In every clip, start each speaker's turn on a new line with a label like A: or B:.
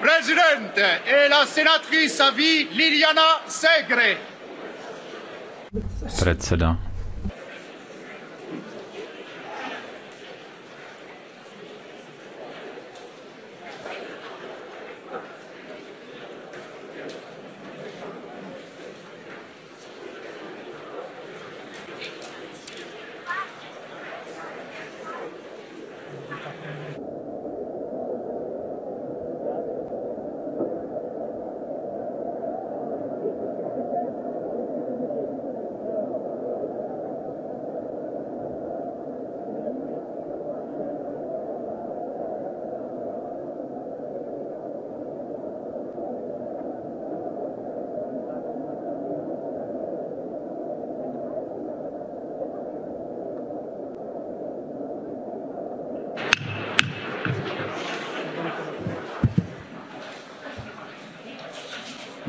A: Presidente e la senatrice a vie Liliana Segre. Predseda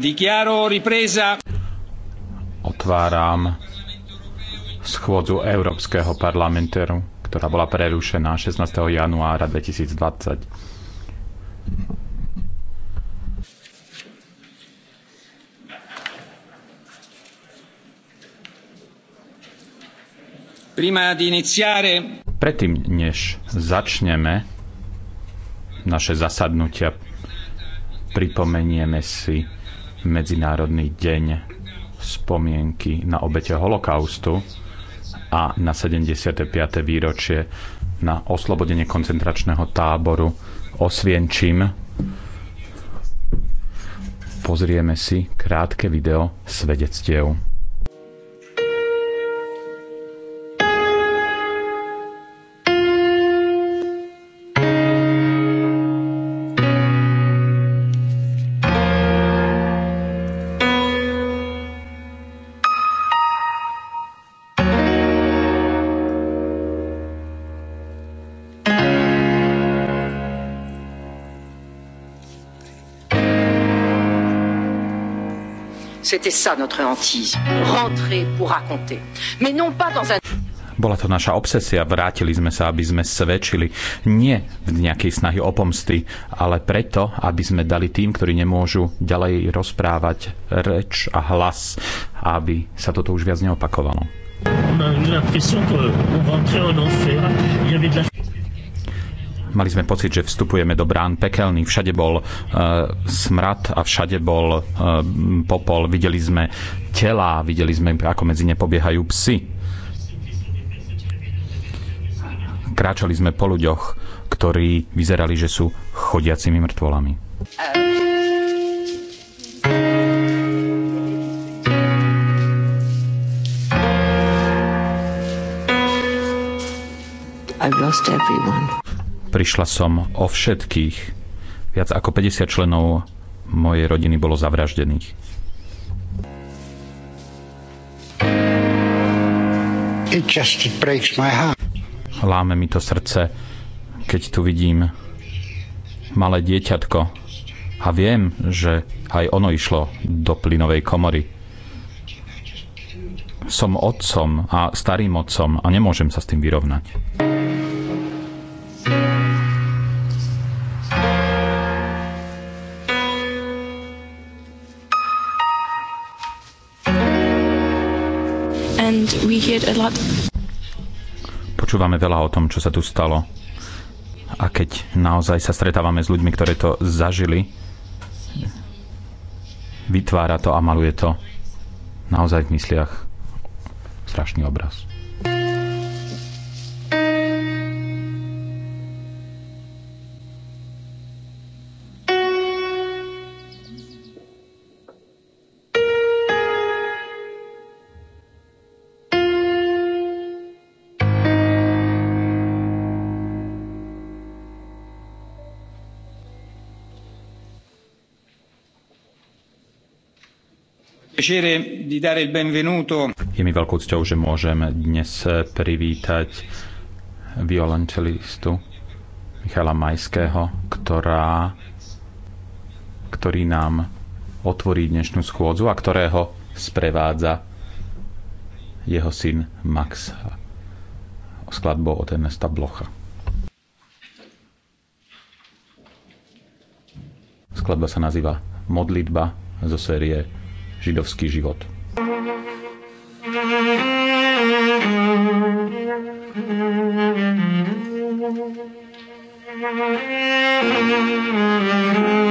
A: Dichiaro ripresa. Otváram schôdzu Európskeho parlamentu, ktorá bola prerušená 16. januára 2020. Predtým, než začneme naše zasadnutia, pripomenieme si Medzinárodný deň spomienky na obete holokaustu a na 75. výročie na oslobodenie koncentračného táboru Osvienčím. Pozrieme si krátke video svedectiev.
B: C'était ça notre hantise. Rentrer pour raconter. Mais non pas dans un...
A: Bola to naša obsesia, vrátili sme sa, aby sme svedčili. Nie v nejakej snahy o pomsty, ale preto, aby sme dali tým, ktorí nemôžu ďalej rozprávať reč a hlas, aby sa toto už viac neopakovalo.
C: On a eu l'impression
A: qu'on rentrait en enfer. Il y avait de la mali sme pocit, že vstupujeme do brán pekelný. Všade bol uh, smrad a všade bol uh, popol. Videli sme telá, videli sme, ako medzi ne pobiehajú psy. Kráčali sme po ľuďoch, ktorí vyzerali, že sú chodiacimi mŕtvolami. I've lost everyone. Prišla som o všetkých. Viac ako 50 členov mojej rodiny bolo zavraždených.
C: It just breaks my heart.
A: Láme mi to srdce, keď tu vidím malé dieťatko. A viem, že aj ono išlo do plynovej komory. Som otcom a starým otcom a nemôžem sa s tým vyrovnať.
C: and we a lot.
A: Počúvame veľa o tom, čo sa tu stalo. A keď naozaj sa stretávame s ľuďmi, ktorí to zažili, vytvára to a maluje to naozaj v mysliach strašný obraz. Je mi veľkou cťou, že môžem dnes eh, privítať violončelistu Michala Majského, ktorá, ktorý nám otvorí dnešnú schôdzu a ktorého sprevádza jeho syn Max skladbou od Ernesta Blocha. Skladba sa nazýva Modlitba zo série židovský život.
B: Thank you.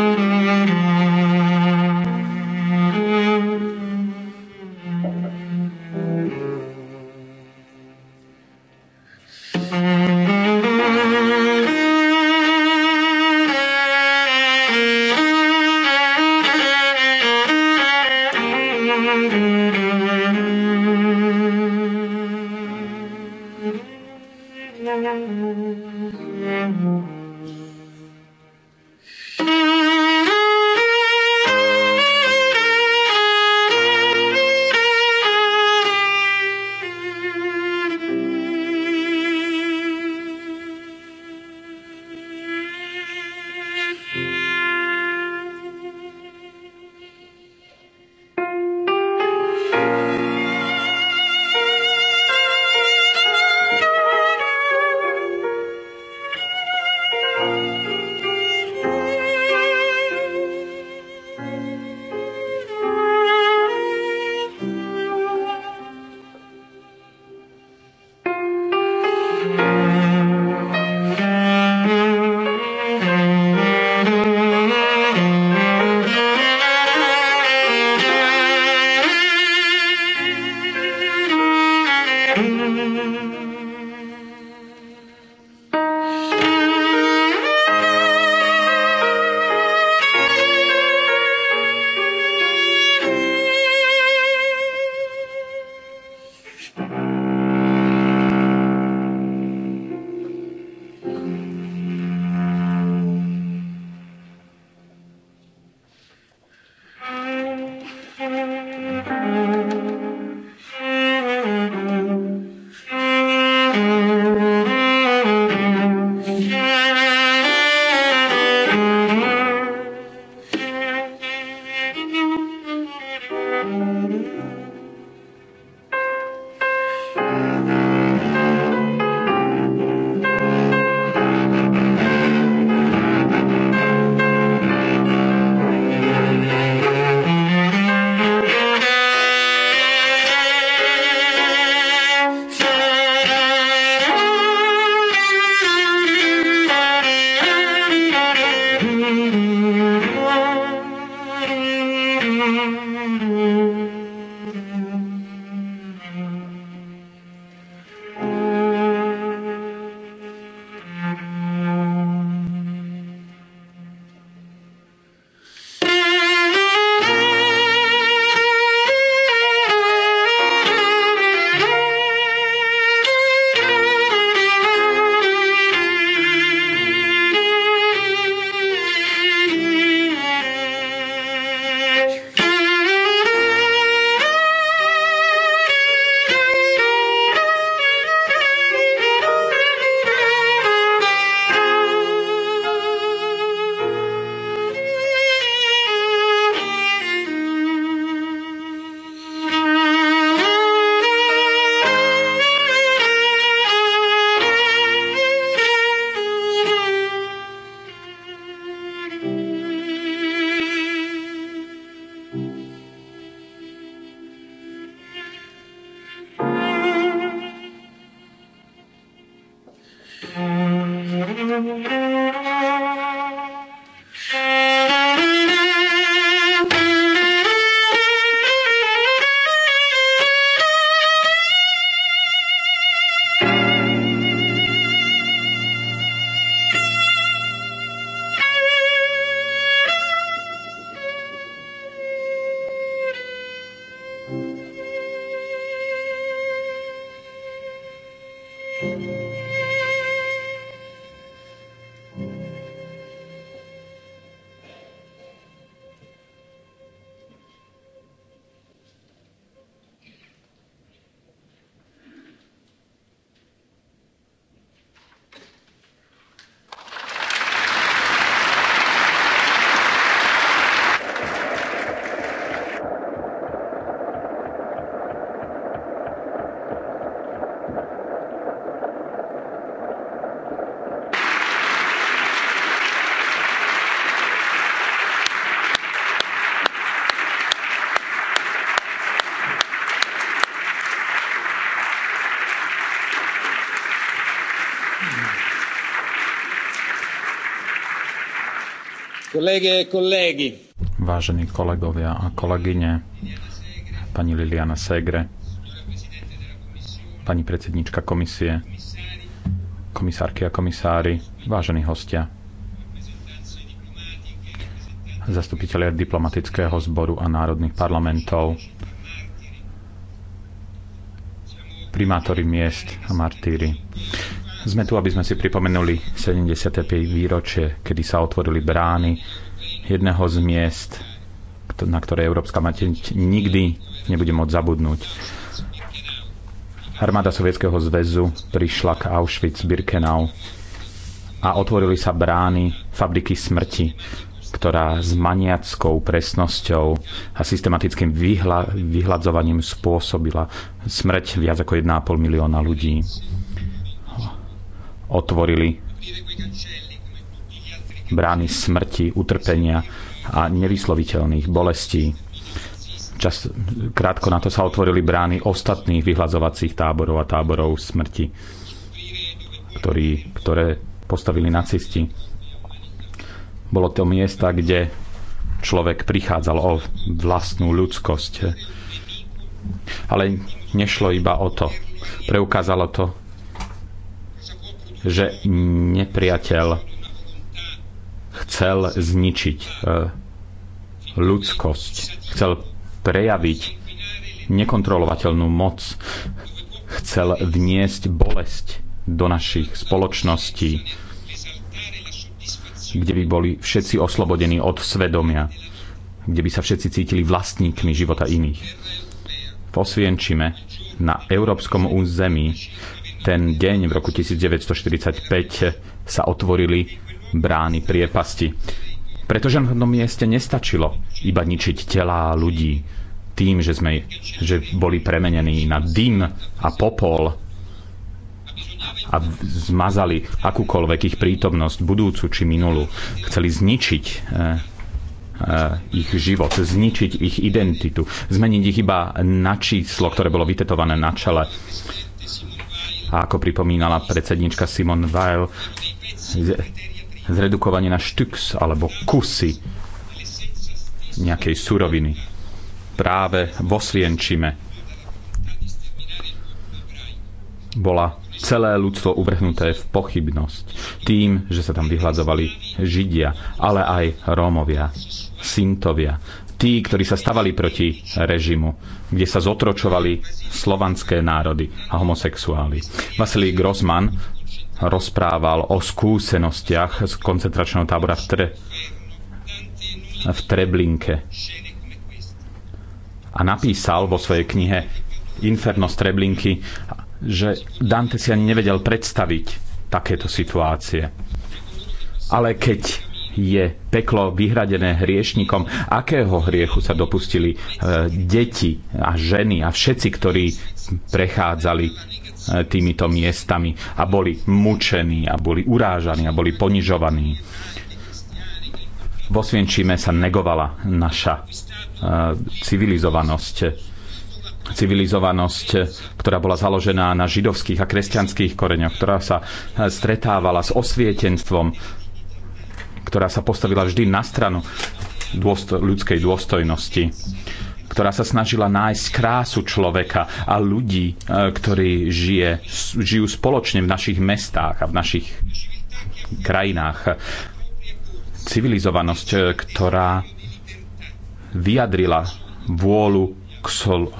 C: thank you
A: Kolege, kolegi. Vážení kolegovia a kolegyne, pani Liliana Segre, pani predsednička komisie, komisárky a komisári, vážení hostia, Zastupiteľia diplomatického zboru a národných parlamentov, primátori miest a martíri. Sme tu, aby sme si pripomenuli 75. výročie, kedy sa otvorili brány jedného z miest, na ktoré Európska mateň nikdy nebude môcť zabudnúť. Armáda Sovietskeho zväzu prišla k Auschwitz-Birkenau a otvorili sa brány fabriky smrti, ktorá s maniackou presnosťou a systematickým vyhla, vyhľadzovaním spôsobila smrť viac ako 1,5 milióna ľudí otvorili brány smrti, utrpenia a nevysloviteľných bolestí. Čas, krátko na to sa otvorili brány ostatných vyhľadzovacích táborov a táborov smrti, ktorý, ktoré postavili nacisti. Bolo to miesta, kde človek prichádzal o vlastnú ľudskosť. Ale nešlo iba o to. Preukázalo to, že nepriateľ chcel zničiť e, ľudskosť, chcel prejaviť nekontrolovateľnú moc, chcel vniesť bolesť do našich spoločností, kde by boli všetci oslobodení od svedomia, kde by sa všetci cítili vlastníkmi života iných. V Osvienčime na európskom území ten deň v roku 1945 sa otvorili brány priepasti. Pretože na tom mieste nestačilo iba ničiť telá ľudí tým, že, sme, že boli premenení na dym a popol a zmazali akúkoľvek ich prítomnosť, budúcu či minulú. Chceli zničiť eh, eh, ich život, zničiť ich identitu, zmeniť ich iba na číslo, ktoré bolo vytetované na čele a ako pripomínala predsednička Simon Weil, zredukovanie na štyks alebo kusy nejakej suroviny práve vo Svienčime bola celé ľudstvo uvrhnuté v pochybnosť tým, že sa tam vyhľadzovali Židia, ale aj Rómovia, Sintovia, tí, ktorí sa stavali proti režimu, kde sa zotročovali slovanské národy a homosexuáli. Vasilij Grossman rozprával o skúsenostiach z koncentračného tábora v, Tre, v Treblinke a napísal vo svojej knihe Inferno z Treblinky, že Dante si ani nevedel predstaviť takéto situácie. Ale keď je peklo vyhradené hriešnikom, akého hriechu sa dopustili e, deti a ženy a všetci, ktorí prechádzali e, týmito miestami a boli mučení a boli urážaní a boli ponižovaní. Vo Svienčíme sa negovala naša e, civilizovanosť civilizovanosť, ktorá bola založená na židovských a kresťanských koreňoch, ktorá sa stretávala s osvietenstvom, ktorá sa postavila vždy na stranu dôsto- ľudskej dôstojnosti ktorá sa snažila nájsť krásu človeka a ľudí, e, ktorí žije, žijú spoločne v našich mestách a v našich krajinách. Civilizovanosť, e, ktorá vyjadrila vôľu k, sol, e,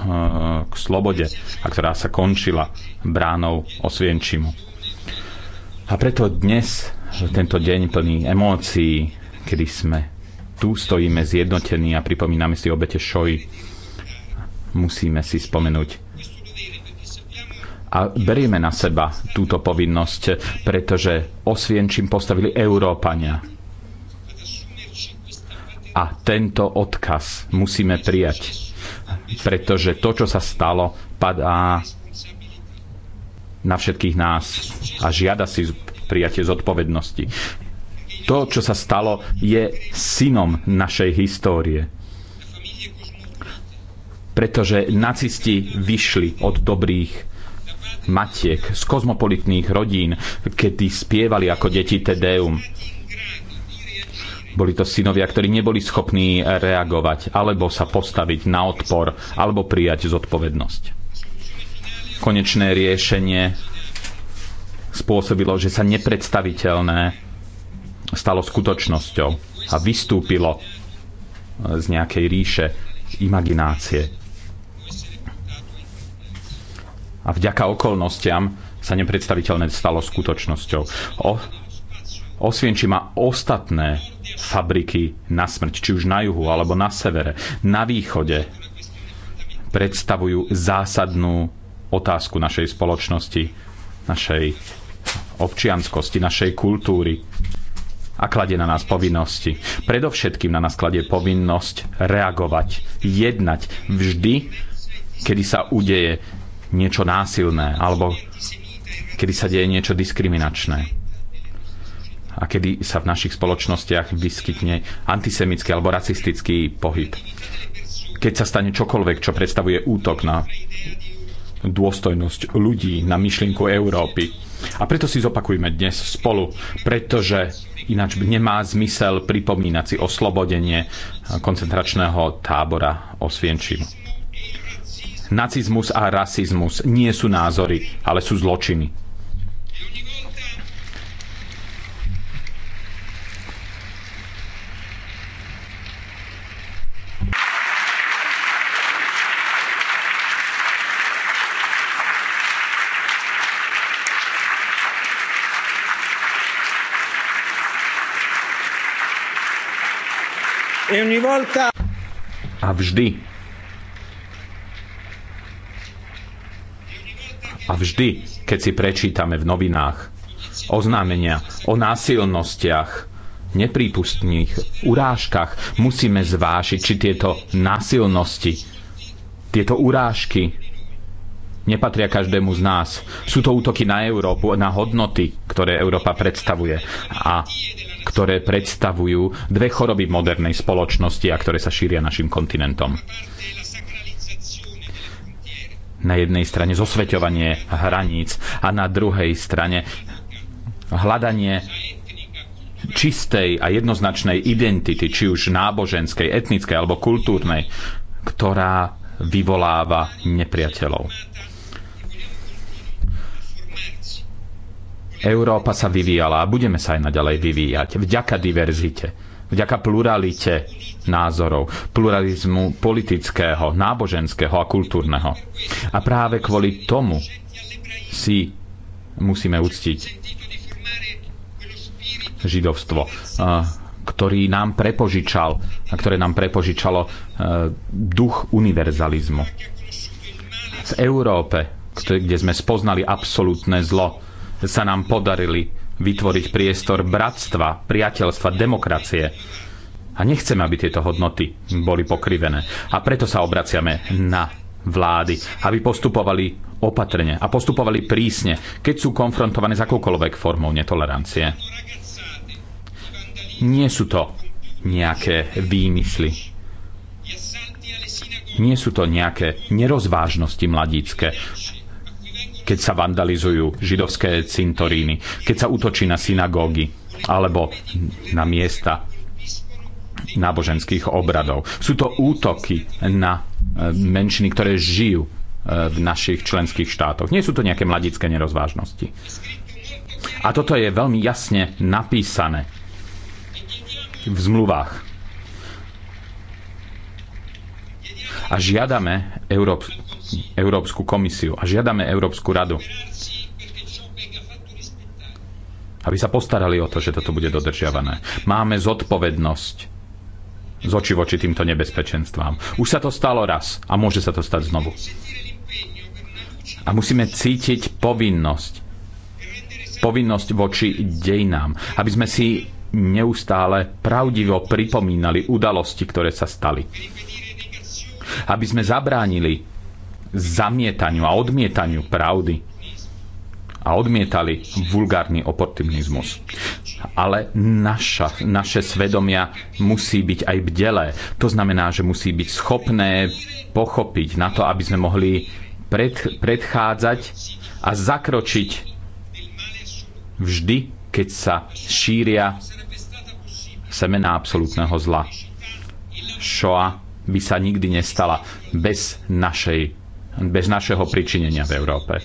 A: k slobode a ktorá sa končila bránou Osvienčimu. A preto dnes že tento deň plný emócií, kedy sme tu stojíme zjednotení a pripomíname si obete šoj, musíme si spomenúť a berieme na seba túto povinnosť, pretože osvienčím postavili Európania. A tento odkaz musíme prijať, pretože to, čo sa stalo, padá na všetkých nás a žiada si prijatie zodpovednosti. To, čo sa stalo, je synom našej histórie. Pretože nacisti vyšli od dobrých matiek z kozmopolitných rodín, kedy spievali ako deti Tedeum. Boli to synovia, ktorí neboli schopní reagovať, alebo sa postaviť na odpor, alebo prijať zodpovednosť. Konečné riešenie spôsobilo, že sa nepredstaviteľné stalo skutočnosťou a vystúpilo z nejakej ríše imaginácie. A vďaka okolnostiam sa nepredstaviteľné stalo skutočnosťou. O, Osvienči má ostatné fabriky na smrť, či už na juhu alebo na severe, na východe, predstavujú zásadnú otázku našej spoločnosti, našej občianskosti, našej kultúry a kladie na nás povinnosti. Predovšetkým na nás kladie povinnosť reagovať, jednať vždy, kedy sa udeje niečo násilné alebo kedy sa deje niečo diskriminačné a kedy sa v našich spoločnostiach vyskytne antisemický alebo rasistický pohyb. Keď sa stane čokoľvek, čo predstavuje útok na dôstojnosť ľudí, na myšlienku Európy, a preto si zopakujme dnes spolu, pretože ináč nemá zmysel pripomínať si oslobodenie koncentračného tábora Osvienčim. Nacizmus a rasizmus nie sú názory, ale sú zločiny E A vždy. A vždy, keď si prečítame v novinách oznámenia o násilnostiach, neprípustných urážkach, musíme zvážiť, či tieto násilnosti, tieto urážky nepatria každému z nás. Sú to útoky na Európu, na hodnoty, ktoré Európa predstavuje. A ktoré predstavujú dve choroby modernej spoločnosti a ktoré sa šíria našim kontinentom na jednej strane zosveťovanie hraníc a na druhej strane hľadanie čistej a jednoznačnej identity, či už náboženskej, etnickej alebo kultúrnej, ktorá vyvoláva nepriateľov. Európa sa vyvíjala a budeme sa aj naďalej vyvíjať. Vďaka diverzite, vďaka pluralite názorov, pluralizmu politického, náboženského a kultúrneho. A práve kvôli tomu si musíme uctiť židovstvo, eh, ktorý nám prepožičal, a ktoré nám prepožičalo eh, duch univerzalizmu. V Európe, kde sme spoznali absolútne zlo, sa nám podarili vytvoriť priestor bratstva, priateľstva, demokracie. A nechceme, aby tieto hodnoty boli pokrivené. A preto sa obraciame na vlády, aby postupovali opatrne a postupovali prísne, keď sú konfrontované s akoukoľvek formou netolerancie. Nie sú to nejaké výmysly. Nie sú to nejaké nerozvážnosti mladícke keď sa vandalizujú židovské cintoríny, keď sa útočí na synagógy alebo na miesta náboženských obradov. Sú to útoky na e, menšiny, ktoré žijú e, v našich členských štátoch. Nie sú to nejaké mladické nerozvážnosti. A toto je veľmi jasne napísané v zmluvách. A žiadame Európsku. Európsku komisiu a žiadame Európsku radu, aby sa postarali o to, že toto bude dodržiavané. Máme zodpovednosť z oči voči týmto nebezpečenstvám. Už sa to stalo raz a môže sa to stať znovu. A musíme cítiť povinnosť. Povinnosť voči dejinám. Aby sme si neustále pravdivo pripomínali udalosti, ktoré sa stali. Aby sme zabránili zamietaniu a odmietaniu pravdy a odmietali vulgárny oportunizmus. Ale naša, naše svedomia musí byť aj bdelé. To znamená, že musí byť schopné pochopiť na to, aby sme mohli pred, predchádzať a zakročiť vždy, keď sa šíria semená absolútneho zla. Šoa by sa nikdy nestala bez našej bez našeho pričinenia v Európe.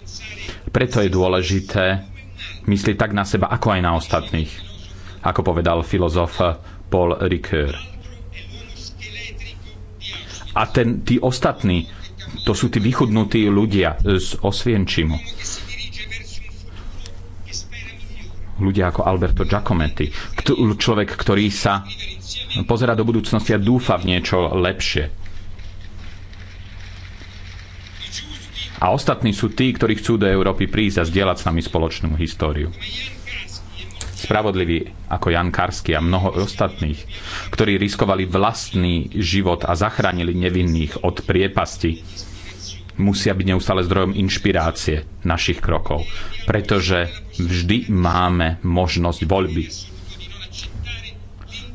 A: Preto je dôležité myslieť tak na seba, ako aj na ostatných, ako povedal filozof Paul Ricoeur. A ten, tí ostatní, to sú tí vychudnutí ľudia z Osvienčimu. Ľudia ako Alberto Giacometti, človek, ktorý sa pozera do budúcnosti a dúfa v niečo lepšie a ostatní sú tí, ktorí chcú do Európy prísť a zdieľať s nami spoločnú históriu. Spravodliví ako Jan Karsky a mnoho ostatných, ktorí riskovali vlastný život a zachránili nevinných od priepasti, musia byť neustále zdrojom inšpirácie našich krokov, pretože vždy máme možnosť voľby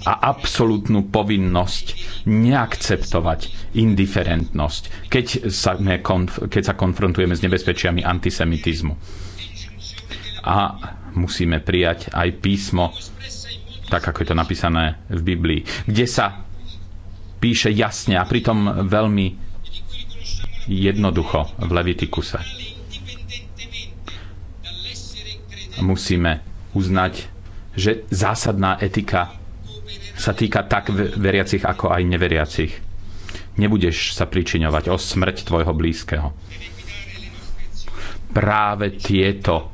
A: a absolútnu povinnosť neakceptovať indiferentnosť, keď sa, ne, konf- keď sa konfrontujeme s nebezpečiami antisemitizmu. A musíme prijať aj písmo, tak ako je to napísané v Biblii, kde sa píše jasne a pritom veľmi jednoducho v Levitikuse. Musíme uznať, že zásadná etika sa týka tak veriacich, ako aj neveriacich. Nebudeš sa pričiňovať o smrť tvojho blízkeho. Práve tieto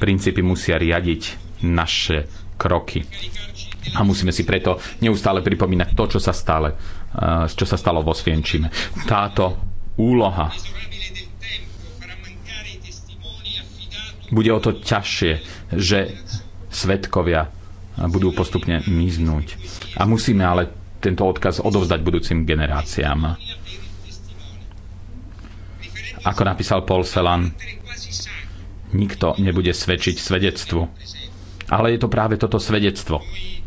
A: princípy musia riadiť naše kroky. A musíme si preto neustále pripomínať to, čo sa, stále, eh, čo sa stalo vo Svienčime. Táto úloha bude o to ťažšie, že svetkovia budú postupne miznúť. A musíme ale tento odkaz odovzdať budúcim generáciám. Ako napísal Paul Selan, nikto nebude svedčiť svedectvu. Ale je to práve toto svedectvo,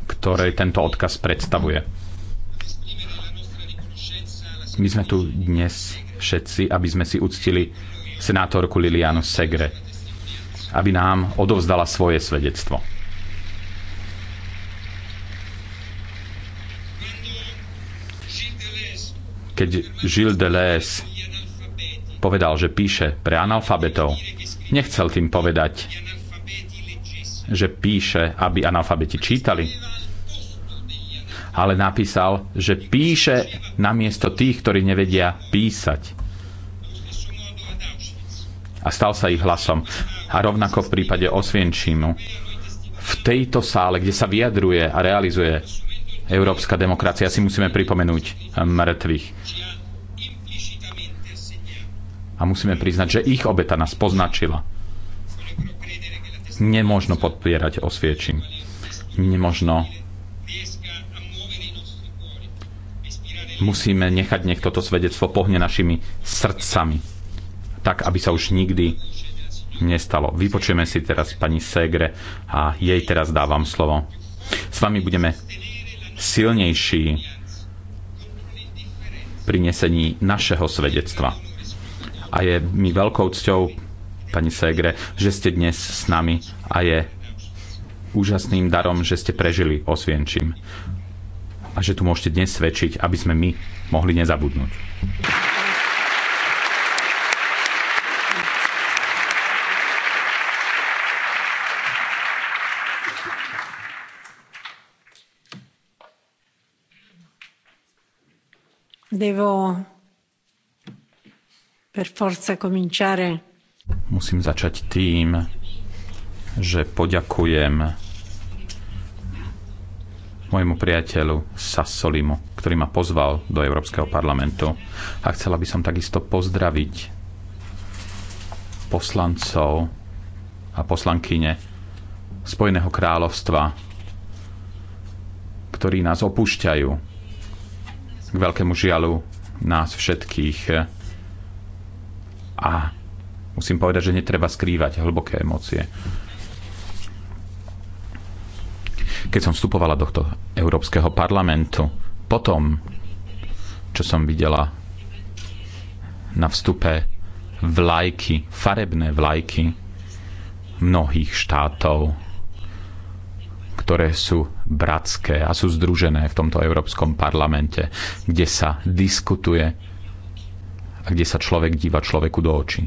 A: ktoré tento odkaz predstavuje. My sme tu dnes všetci, aby sme si uctili senátorku Lilianu Segre, aby nám odovzdala svoje svedectvo. keď Gilles Deleuze povedal, že píše pre analfabetov, nechcel tým povedať, že píše, aby analfabeti čítali, ale napísal, že píše namiesto tých, ktorí nevedia písať a stal sa ich hlasom. A rovnako v prípade Osvienčímu. V tejto sále, kde sa vyjadruje a realizuje európska demokracia si musíme pripomenúť eh, mŕtvych. A musíme priznať, že ich obeta nás poznačila. Nemožno podpierať osviečím. Nemožno musíme nechať nech toto svedectvo pohne našimi srdcami. Tak, aby sa už nikdy nestalo. Vypočujeme si teraz pani Segre a jej teraz dávam slovo. S vami budeme silnejší pri nesení našeho svedectva. A je mi veľkou cťou, pani Segre, že ste dnes s nami a je úžasným darom, že ste prežili Osvienčím a že tu môžete dnes svedčiť, aby sme my mohli nezabudnúť.
B: Devo per forza cominciare.
A: Musím začať tým, že poďakujem môjmu priateľu Sassolimu, ktorý ma pozval do Európskeho parlamentu. A chcela by som takisto pozdraviť poslancov a poslankyne Spojeného kráľovstva, ktorí nás opúšťajú k veľkému žialu nás všetkých. A musím povedať, že netreba skrývať hlboké emócie. Keď som vstupovala do Európskeho parlamentu, potom, čo som videla na vstupe vlajky, farebné vlajky mnohých štátov, ktoré sú bratské a sú združené v tomto Európskom parlamente, kde sa diskutuje a kde sa človek díva človeku do očí.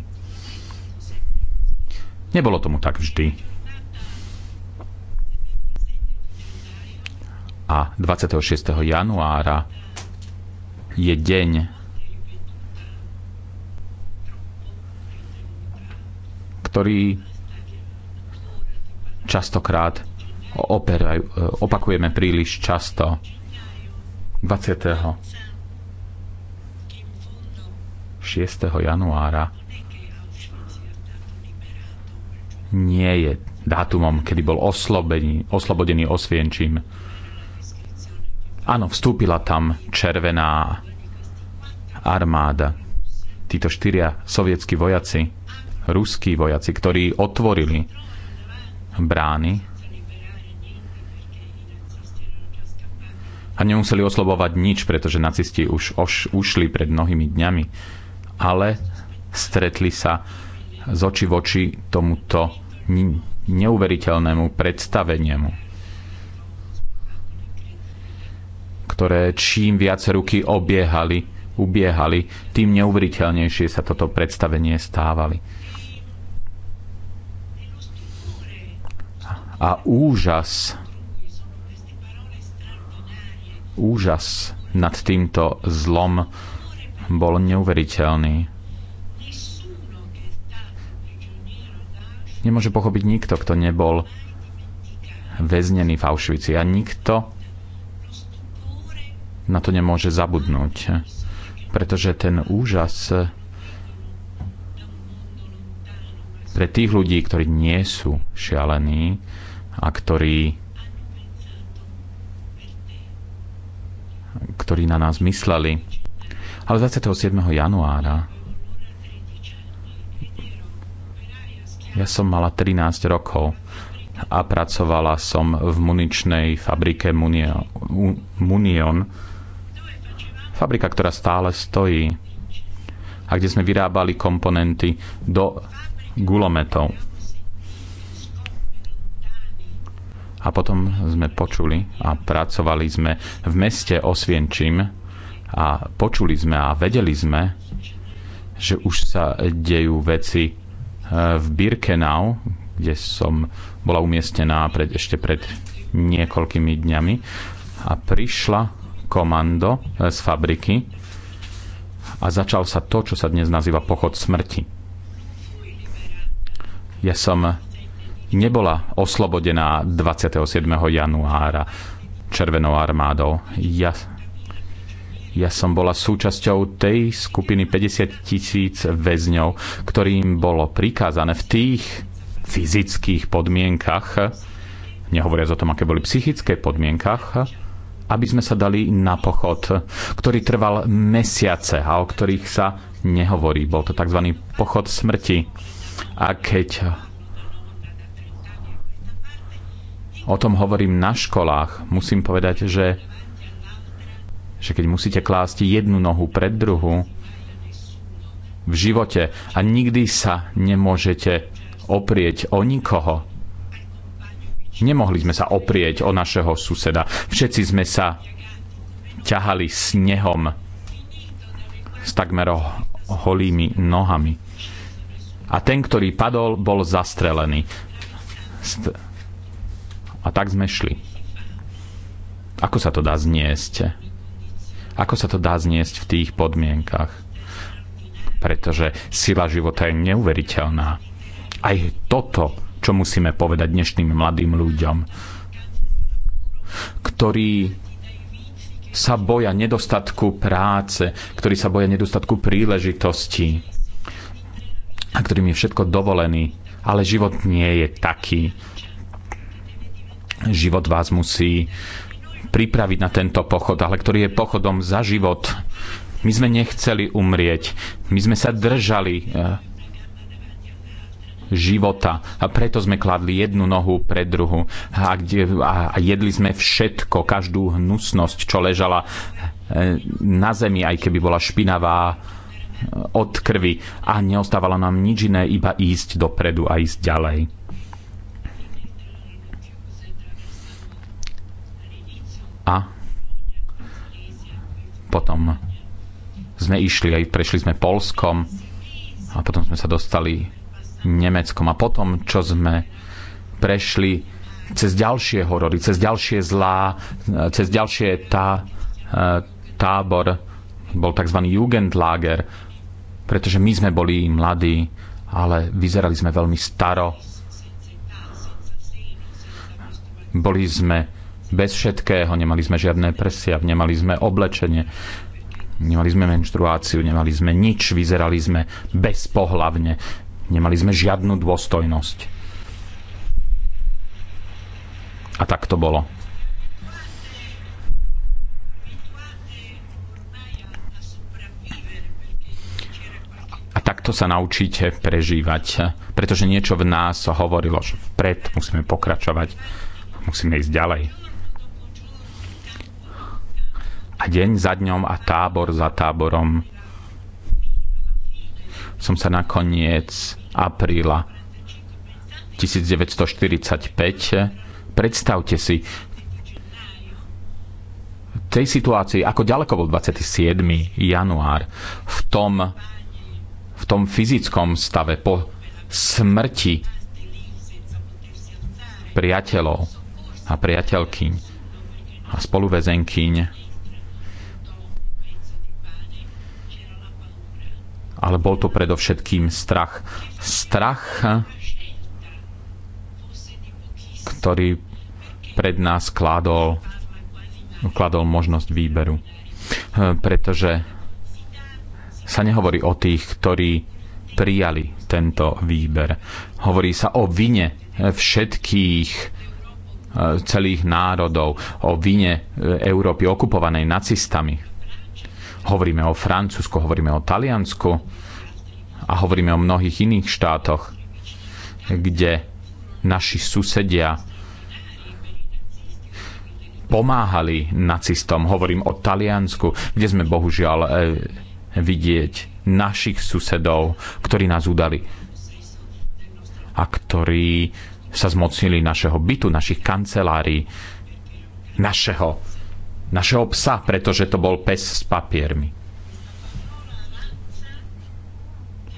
A: Nebolo tomu tak vždy. A 26. januára je deň ktorý častokrát operajú, e, opakujeme príliš často. 20. 6. januára nie je dátumom, kedy bol oslobený, oslobodený Osvienčím. Áno, vstúpila tam červená armáda. Títo štyria sovietskí vojaci, ruskí vojaci, ktorí otvorili brány a nemuseli oslobovať nič, pretože nacisti už oš, ušli pred mnohými dňami, ale stretli sa z oči v oči tomuto neuveriteľnému predstaveniemu, ktoré čím viac ruky obiehali, ubiehali, tým neuveriteľnejšie sa toto predstavenie stávali. A úžas úžas nad týmto zlom bol neuveriteľný. Nemôže pochopiť nikto, kto nebol väznený v Auschwitzi a nikto na to nemôže zabudnúť, pretože ten úžas pre tých ľudí, ktorí nie sú šialení a ktorí ktorí na nás mysleli. Ale 27. januára ja som mala 13 rokov a pracovala som v muničnej fabrike Munion, fabrika, ktorá stále stojí a kde sme vyrábali komponenty do gulometov a potom sme počuli a pracovali sme v meste Osvienčím a počuli sme a vedeli sme, že už sa dejú veci e, v Birkenau, kde som bola umiestnená pred, ešte pred niekoľkými dňami a prišla komando e, z fabriky a začal sa to, čo sa dnes nazýva pochod smrti. Ja som nebola oslobodená 27. januára Červenou armádou. Ja, ja som bola súčasťou tej skupiny 50 tisíc väzňov, ktorým bolo prikázané v tých fyzických podmienkach, nehovoriac o tom, aké boli psychické podmienkach, aby sme sa dali na pochod, ktorý trval mesiace a o ktorých sa nehovorí. Bol to tzv. pochod smrti. A keď O tom hovorím na školách. Musím povedať, že, že keď musíte klásť jednu nohu pred druhu v živote a nikdy sa nemôžete oprieť o nikoho, nemohli sme sa oprieť o našeho suseda. Všetci sme sa ťahali snehom s takmer holými nohami. A ten, ktorý padol, bol zastrelený. St- a tak sme šli. Ako sa to dá zniesť? Ako sa to dá zniesť v tých podmienkach? Pretože sila života je neuveriteľná. Aj toto, čo musíme povedať dnešným mladým ľuďom, ktorí sa boja nedostatku práce, ktorí sa boja nedostatku príležitostí a ktorým je všetko dovolený. Ale život nie je taký. Život vás musí pripraviť na tento pochod, ale ktorý je pochodom za život. My sme nechceli umrieť. My sme sa držali eh, života a preto sme kladli jednu nohu pre druhu a, kde, a jedli sme všetko, každú hnusnosť, čo ležala eh, na zemi, aj keby bola špinavá eh, od krvi a neostávalo nám nič iné, iba ísť dopredu a ísť ďalej. a potom sme išli aj prešli sme Polskom a potom sme sa dostali Nemeckom a potom, čo sme prešli cez ďalšie horory, cez ďalšie zlá, cez ďalšie tá, e, tábor, bol tzv. Jugendlager, pretože my sme boli mladí, ale vyzerali sme veľmi staro. Boli sme bez všetkého, nemali sme žiadne presia, nemali sme oblečenie, nemali sme menštruáciu, nemali sme nič, vyzerali sme bezpohlavne, nemali sme žiadnu dôstojnosť. A tak to bolo. A takto sa naučíte prežívať, pretože niečo v nás hovorilo, že vpred musíme pokračovať, musíme ísť ďalej a deň za dňom a tábor za táborom. Som sa nakoniec apríla 1945, predstavte si, tej situácii, ako ďaleko bol 27. január, v tom, v tom fyzickom stave po smrti priateľov a priateľkyň a spoluväzenkyň ale bol to predovšetkým strach. Strach, ktorý pred nás kladol, kladol možnosť výberu. Pretože sa nehovorí o tých, ktorí prijali tento výber. Hovorí sa o vine všetkých e, celých národov, o vine e, Európy okupovanej nacistami. Hovoríme o Francúzsku, hovoríme o Taliansku a hovoríme o mnohých iných štátoch, kde naši susedia pomáhali nacistom. Hovorím o Taliansku, kde sme bohužiaľ e, vidieť našich susedov, ktorí nás udali a ktorí sa zmocnili našeho bytu, našich kancelárií, našeho našeho psa, pretože to bol pes s papiermi.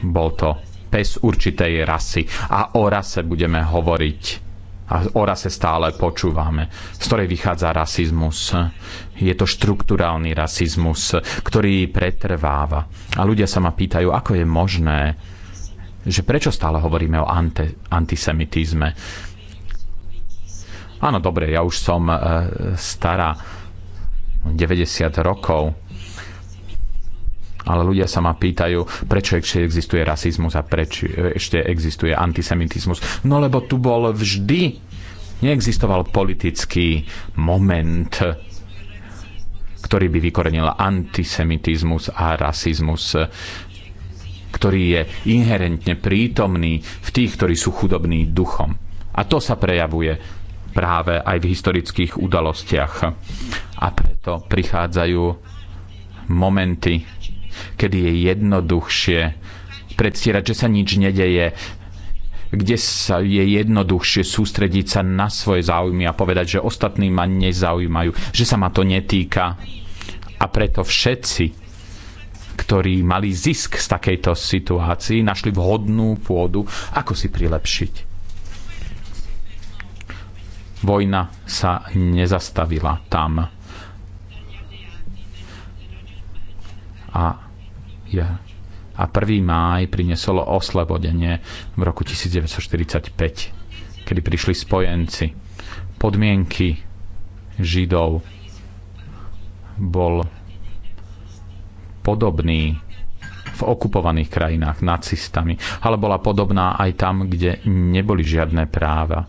A: Bol to pes určitej rasy. A o rase budeme hovoriť a o rase stále počúvame, z ktorej vychádza rasizmus. Je to štruktúrálny rasizmus, ktorý pretrváva. A ľudia sa ma pýtajú, ako je možné, že prečo stále hovoríme o ante, antisemitizme. Áno, dobre, ja už som e, stará 90 rokov. Ale ľudia sa ma pýtajú, prečo ešte existuje rasizmus a prečo ešte existuje antisemitizmus. No lebo tu bol vždy. Neexistoval politický moment, ktorý by vykorenil antisemitizmus a rasizmus ktorý je inherentne prítomný v tých, ktorí sú chudobní duchom. A to sa prejavuje práve aj v historických udalostiach. A preto prichádzajú momenty, kedy je jednoduchšie predstierať, že sa nič nedeje, kde sa je jednoduchšie sústrediť sa na svoje záujmy a povedať, že ostatní ma nezaujímajú, že sa ma to netýka. A preto všetci, ktorí mali zisk z takejto situácii, našli vhodnú pôdu, ako si prilepšiť. Vojna sa nezastavila tam. A, ja, a 1. máj priniesolo oslobodenie v roku 1945, kedy prišli spojenci. Podmienky Židov bol podobný v okupovaných krajinách nacistami, ale bola podobná aj tam, kde neboli žiadne práva.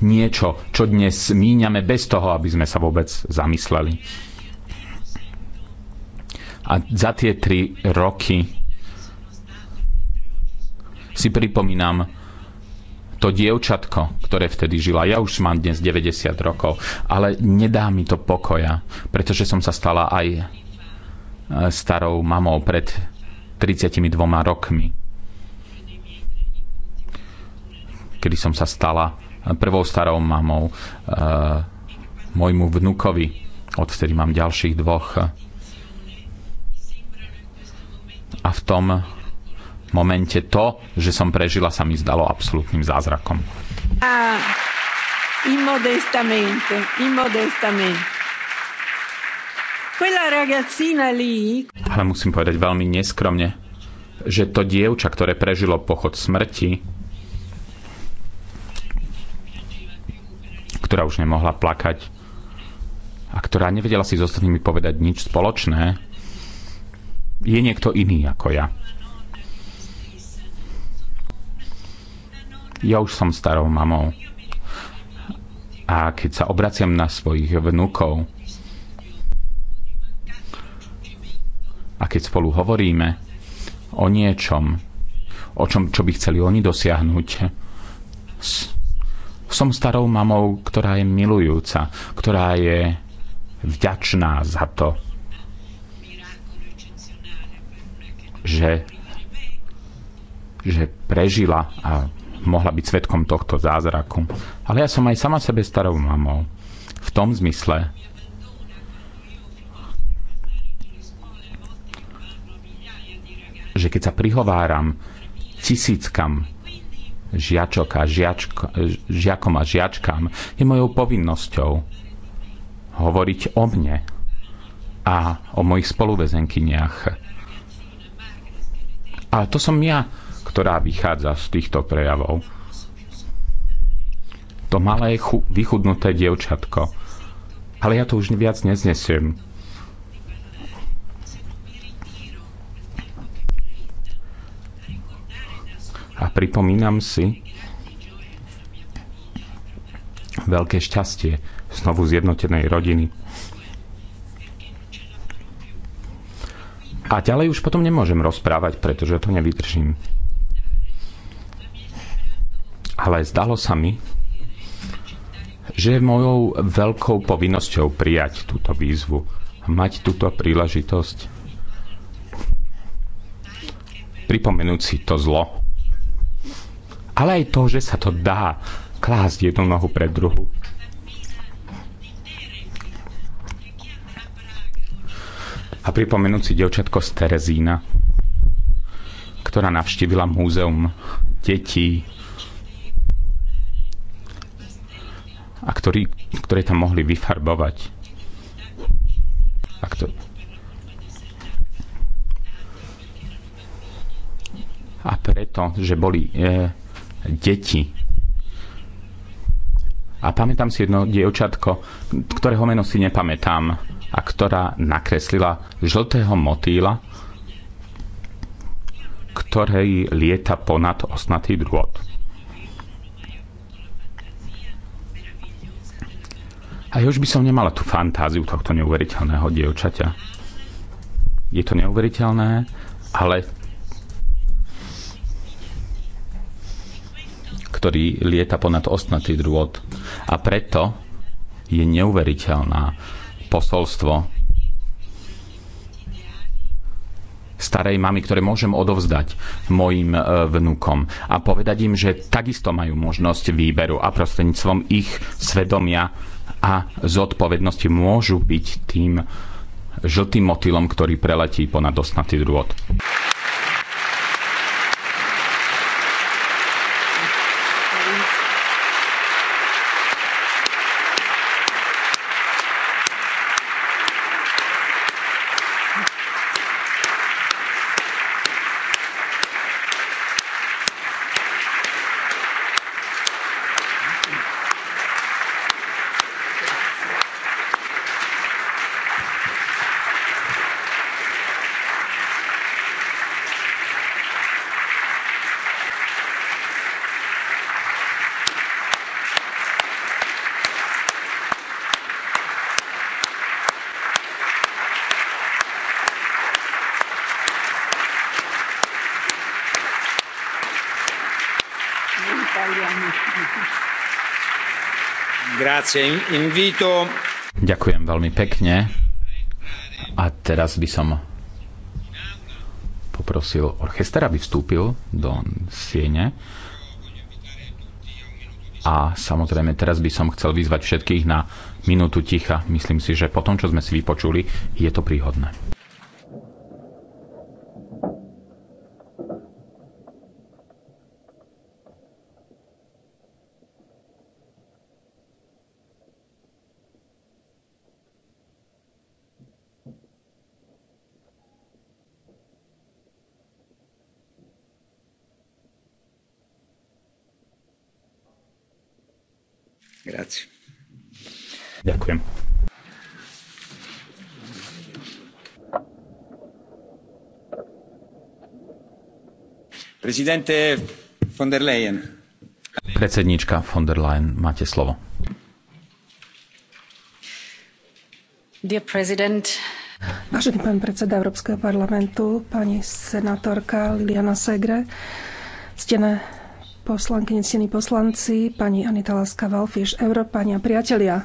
A: niečo, čo dnes míňame bez toho, aby sme sa vôbec zamysleli. A za tie tri roky si pripomínam to dievčatko, ktoré vtedy žila. Ja už mám dnes 90 rokov, ale nedá mi to pokoja, pretože som sa stala aj e, starou mamou pred 32 rokmi, kedy som sa stala prvou starou mamou, e, môjmu vnukovi, od ktorých mám ďalších dvoch. A v tom momente to, že som prežila, sa mi zdalo absolútnym zázrakom.
C: A immodestamente, immodestamente.
A: Ale musím povedať veľmi neskromne, že to dievča, ktoré prežilo pochod smrti, ktorá už nemohla plakať a ktorá nevedela si s ostatnými povedať nič spoločné, je niekto iný ako ja. Ja už som starou mamou. A keď sa obraciam na svojich vnúkov a keď spolu hovoríme o niečom, o čom, čo by chceli oni dosiahnuť, som starou mamou, ktorá je milujúca, ktorá je vďačná za to, že, že prežila a mohla byť svetkom tohto zázraku. Ale ja som aj sama sebe starou mamou. V tom zmysle, že keď sa prihováram tisíckam žiačok a žiačko, žiakom a žiačkám, je mojou povinnosťou hovoriť o mne a o mojich spoluvezenkyniach. A to som ja, ktorá vychádza z týchto prejavov. To malé, vychudnuté dievčatko. Ale ja to už viac neznesiem pripomínam si veľké šťastie znovu zjednotenej rodiny. A ďalej už potom nemôžem rozprávať, pretože to nevydržím. Ale zdalo sa mi, že je mojou veľkou povinnosťou prijať túto výzvu, mať túto príležitosť, pripomenúť si to zlo, ale aj to, že sa to dá klásť jednu nohu pred druhú. A pripomenúť si z Terezína, ktorá navštívila múzeum detí a ktorý, ktoré tam mohli vyfarbovať. A kto... a preto, že boli Eh, deti. A pamätám si jedno dievčatko, ktorého meno si nepamätám a ktorá nakreslila žltého motýla, ktorej lieta ponad osnatý drôt. A už by som nemala tú fantáziu tohto neuveriteľného dievčaťa. Je to neuveriteľné, ale ktorý lieta ponad ostnatý drôt. A preto je neuveriteľná posolstvo starej mamy, ktoré môžem odovzdať mojim e, vnúkom a povedať im, že takisto majú možnosť výberu a prostredníctvom ich svedomia a zodpovednosti môžu byť tým žltým motýlom, ktorý preletí ponad osnatý drôt. Ďakujem veľmi pekne. A teraz by som poprosil orchester, aby vstúpil do siene. A samozrejme, teraz by som chcel vyzvať všetkých na minútu ticha. Myslím si, že po tom, čo sme si vypočuli, je to príhodné. Grazie. Ďakujem. Prezidente von der Leyen. Predsednička von der Leyen, máte slovo.
B: Dear President, Vážený pán predseda
C: Európskeho parlamentu, pani senátorka Liliana Segre, ctené poslankyne, ctení poslanci, pani Anita Láska Valfiš, Európania, priatelia.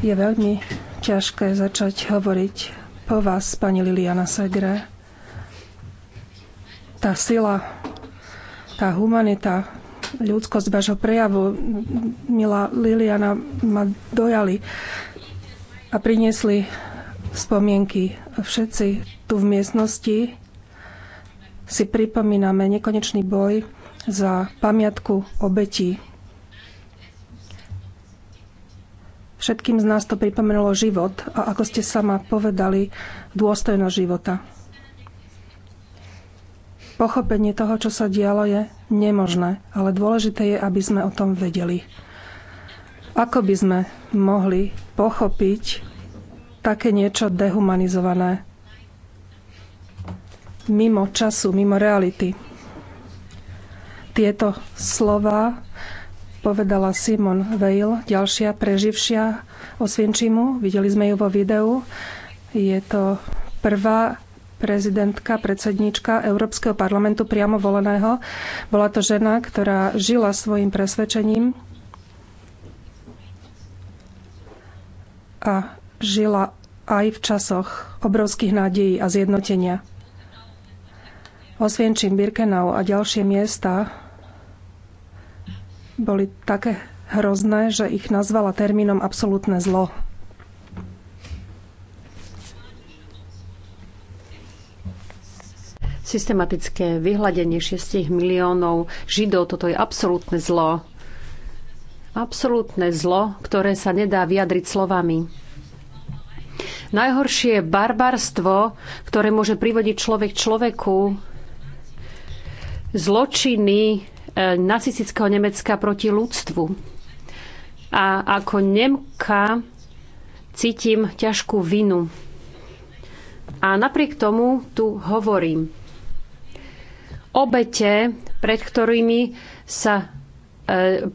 C: Je veľmi ťažké začať hovoriť po vás, pani Liliana Segre. Tá sila, tá humanita, ľudskosť vášho prejavu, milá Liliana, ma dojali a priniesli spomienky všetci tu v miestnosti si pripomíname nekonečný boj za pamiatku obetí. Všetkým z nás to pripomenulo život a ako ste sama povedali, dôstojnosť života. Pochopenie toho, čo sa dialo, je nemožné, ale dôležité je, aby sme o tom vedeli. Ako by sme mohli pochopiť také niečo dehumanizované mimo času, mimo reality. Tieto slova povedala Simon Veil, ďalšia preživšia Osvienčimu. Videli sme ju vo videu. Je to prvá prezidentka, predsedníčka Európskeho parlamentu priamo voleného. Bola to žena, ktorá žila svojim presvedčením a žila aj v časoch obrovských nádejí a zjednotenia. Osvienčím, Birkenau a ďalšie miesta boli také hrozné, že ich nazvala termínom absolútne zlo.
B: Systematické vyhľadenie 6 miliónov Židov, toto je absolútne zlo. Absolútne zlo, ktoré sa nedá vyjadriť slovami. Najhoršie je barbarstvo, ktoré môže privodiť človek človeku, zločiny e, nacistického Nemecka proti ľudstvu. A ako Nemka cítim ťažkú vinu. A napriek tomu tu hovorím. Obete, pred ktorými sa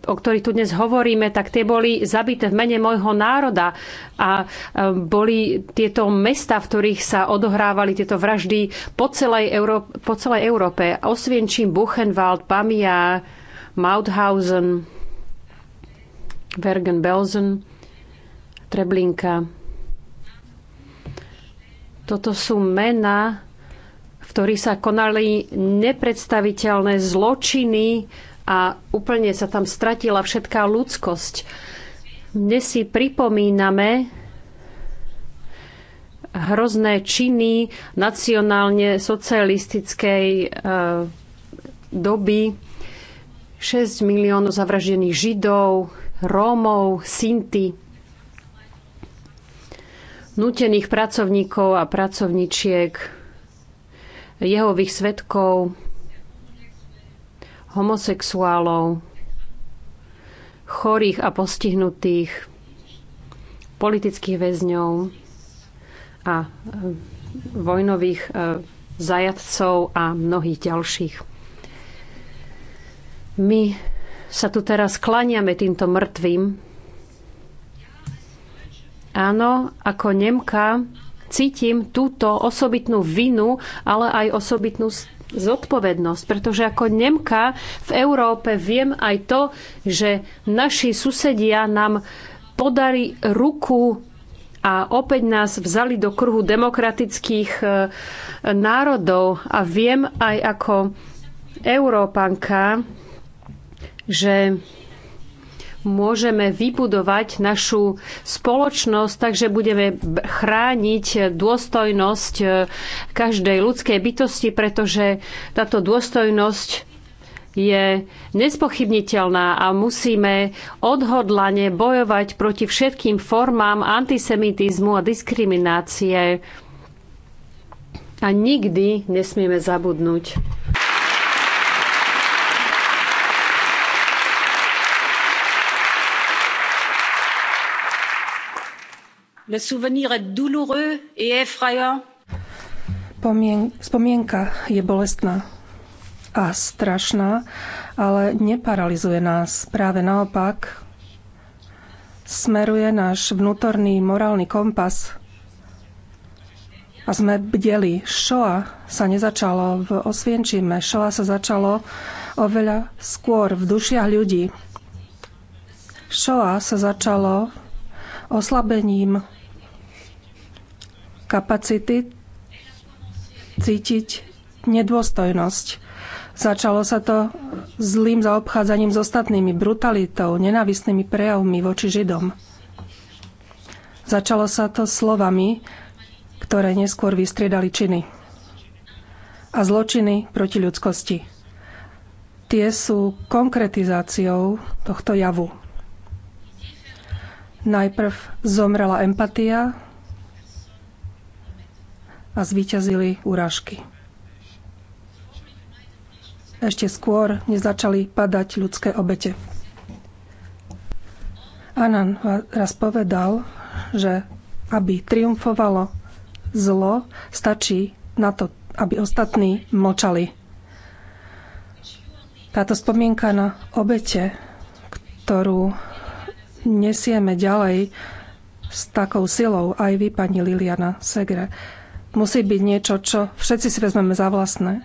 B: o ktorých tu dnes hovoríme, tak tie boli zabité v mene môjho národa a e, boli tieto mesta, v ktorých sa odohrávali tieto vraždy po celej, Euró- po celej Európe. Osvienčím, Buchenwald, Pamia, Mauthausen, Bergen-Belsen, Treblinka. Toto sú mená, v ktorých sa konali nepredstaviteľné zločiny, a úplne sa tam stratila všetká ľudskosť. Dnes si pripomíname hrozné činy nacionálne socialistickej e, doby. 6 miliónov zavraždených Židov, Rómov, Sinti, nutených pracovníkov a pracovničiek, jehových svetkov, homosexuálov, chorých a postihnutých, politických väzňov a e, vojnových e, zajadcov a mnohých ďalších. My sa tu teraz klaniame týmto mŕtvým. Áno, ako Nemka cítim túto osobitnú vinu, ale aj osobitnú zodpovednosť, pretože ako Nemka v Európe viem aj to, že naši susedia nám podali ruku a opäť nás vzali do kruhu demokratických e, národov a viem aj ako Európanka, že môžeme vybudovať našu spoločnosť, takže budeme chrániť dôstojnosť e, každej ľudskej bytosti, pretože táto dôstojnosť je nespochybniteľná a musíme odhodlane bojovať proti všetkým formám antisemitizmu a diskriminácie. A nikdy nesmieme zabudnúť Le souvenir est douloureux et effrayant.
C: spomienka je bolestná a strašná, ale neparalizuje nás. Práve naopak smeruje náš vnútorný morálny kompas a sme bdeli. Šoa sa nezačalo v Osvienčime. Šoa sa začalo oveľa skôr v dušiach ľudí. Šoa sa začalo oslabením kapacity cítiť nedôstojnosť. Začalo sa to zlým zaobchádzaním s ostatnými, brutalitou, nenávisnými prejavmi voči Židom. Začalo sa to slovami, ktoré neskôr vystriedali činy. A zločiny proti ľudskosti. Tie sú konkretizáciou tohto javu. Najprv zomrela empatia, a zvíťazili úražky. Ešte skôr, nezačali začali padať ľudské obete. Anan raz povedal, že aby triumfovalo zlo, stačí na to, aby ostatní mlčali. Táto spomienka na obete, ktorú nesieme ďalej s takou silou aj vy, pani Liliana Segre, musí byť niečo, čo všetci si vezmeme za vlastné.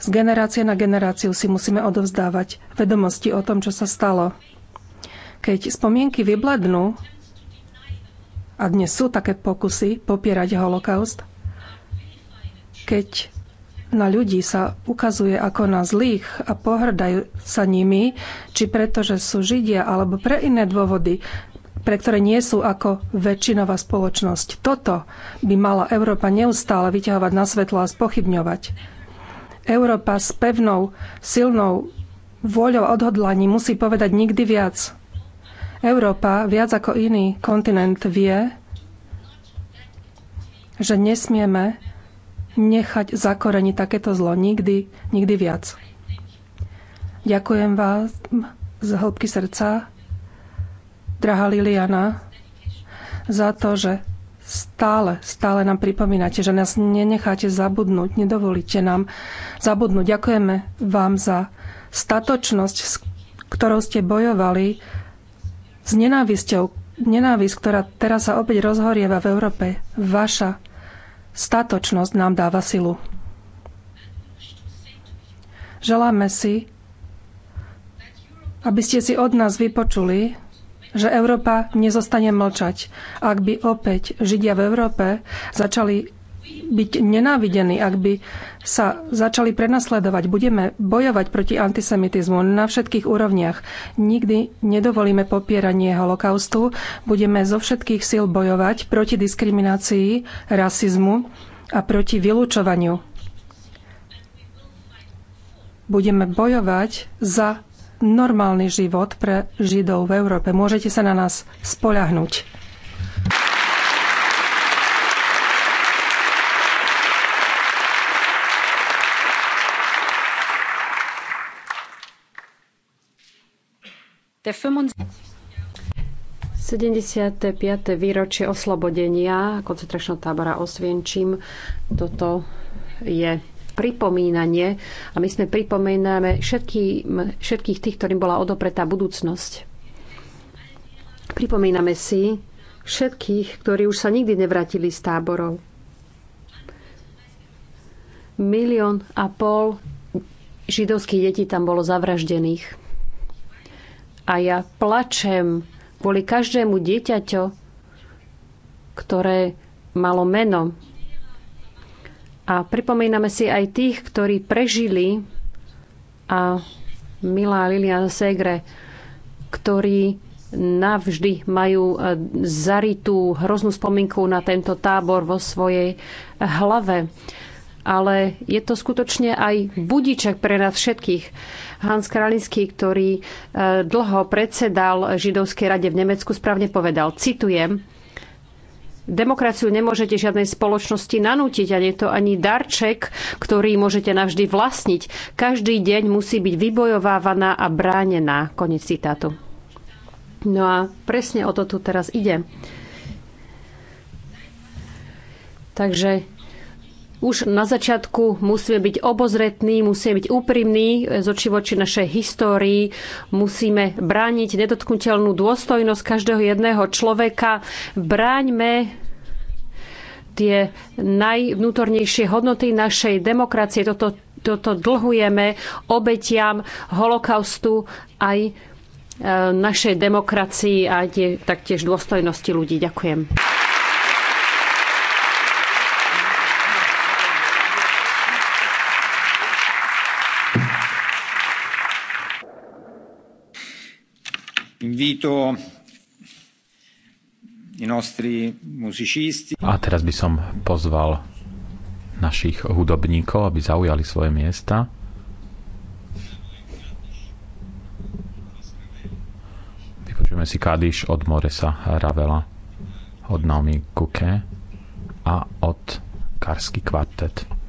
C: Z generácie na generáciu si musíme odovzdávať vedomosti o tom, čo sa stalo. Keď spomienky vyblednú, a dnes sú také pokusy popierať holokaust, keď na ľudí sa ukazuje ako na zlých a pohrdajú sa nimi, či preto, že sú Židia, alebo pre iné dôvody, pre ktoré nie sú ako väčšinová spoločnosť. Toto by mala Európa neustále vyťahovať na svetlo a spochybňovať. Európa s pevnou, silnou vôľou odhodlaní musí povedať nikdy viac. Európa viac ako iný kontinent vie, že nesmieme nechať zakoreniť takéto zlo nikdy, nikdy viac. Ďakujem vám z hĺbky srdca drahá Liliana, za to, že stále, stále nám pripomínate, že nás nenecháte zabudnúť, nedovolíte nám zabudnúť. Ďakujeme vám za statočnosť, s ktorou ste bojovali s nenávisťou, nenávisť, ktorá teraz sa opäť rozhorieva v Európe. Vaša statočnosť nám dáva silu. Želáme si, aby ste si od nás vypočuli, že Európa nezostane mlčať. Ak by opäť Židia v Európe začali byť nenávidení, ak by sa začali prenasledovať. Budeme bojovať proti antisemitizmu na všetkých úrovniach. Nikdy nedovolíme popieranie holokaustu. Budeme zo všetkých síl bojovať proti diskriminácii, rasizmu a proti vylúčovaniu. Budeme bojovať za normálny život pre Židov v Európe. Môžete sa na nás spoľahnúť.
B: The 75. výročie oslobodenia koncentračného tábora Osvienčím. Toto je pripomínanie a my sme pripomíname všetký, všetkých tých, ktorým bola odopretá budúcnosť. Pripomíname si všetkých, ktorí už sa nikdy nevrátili z táborov. Milión a pol židovských detí tam bolo zavraždených. A ja plačem kvôli každému dieťaťo, ktoré malo meno, a pripomíname si aj tých, ktorí prežili a milá Lilian Segre, ktorí navždy majú e, zaritú hroznú spomienku na tento tábor vo svojej hlave. Ale je to skutočne aj budiček pre nás všetkých. Hans Kralinský, ktorý e, dlho predsedal Židovskej rade v Nemecku, správne povedal, citujem, Demokraciu nemôžete žiadnej spoločnosti nanútiť a nie to ani darček, ktorý môžete navždy vlastniť. Každý deň musí byť vybojovávaná a bránená. Konec citátu. No a presne o to tu teraz ide. Takže už na začiatku musíme byť obozretní, musíme byť úprimní z oči voči našej histórii, musíme brániť nedotknutelnú dôstojnosť každého jedného človeka. Bráňme tie najvnútornejšie hodnoty našej demokracie. Toto, toto dlhujeme obetiam holokaustu aj e, našej demokracii a tie, taktiež dôstojnosti ľudí. Ďakujem.
A: Invito i nostri musicisti. A teraz by som pozval našich hudobníkov, aby zaujali svoje miesta. Vypočujeme si Kadiš od Moresa Ravela, od Naomi Kuke a od Karsky kvartet.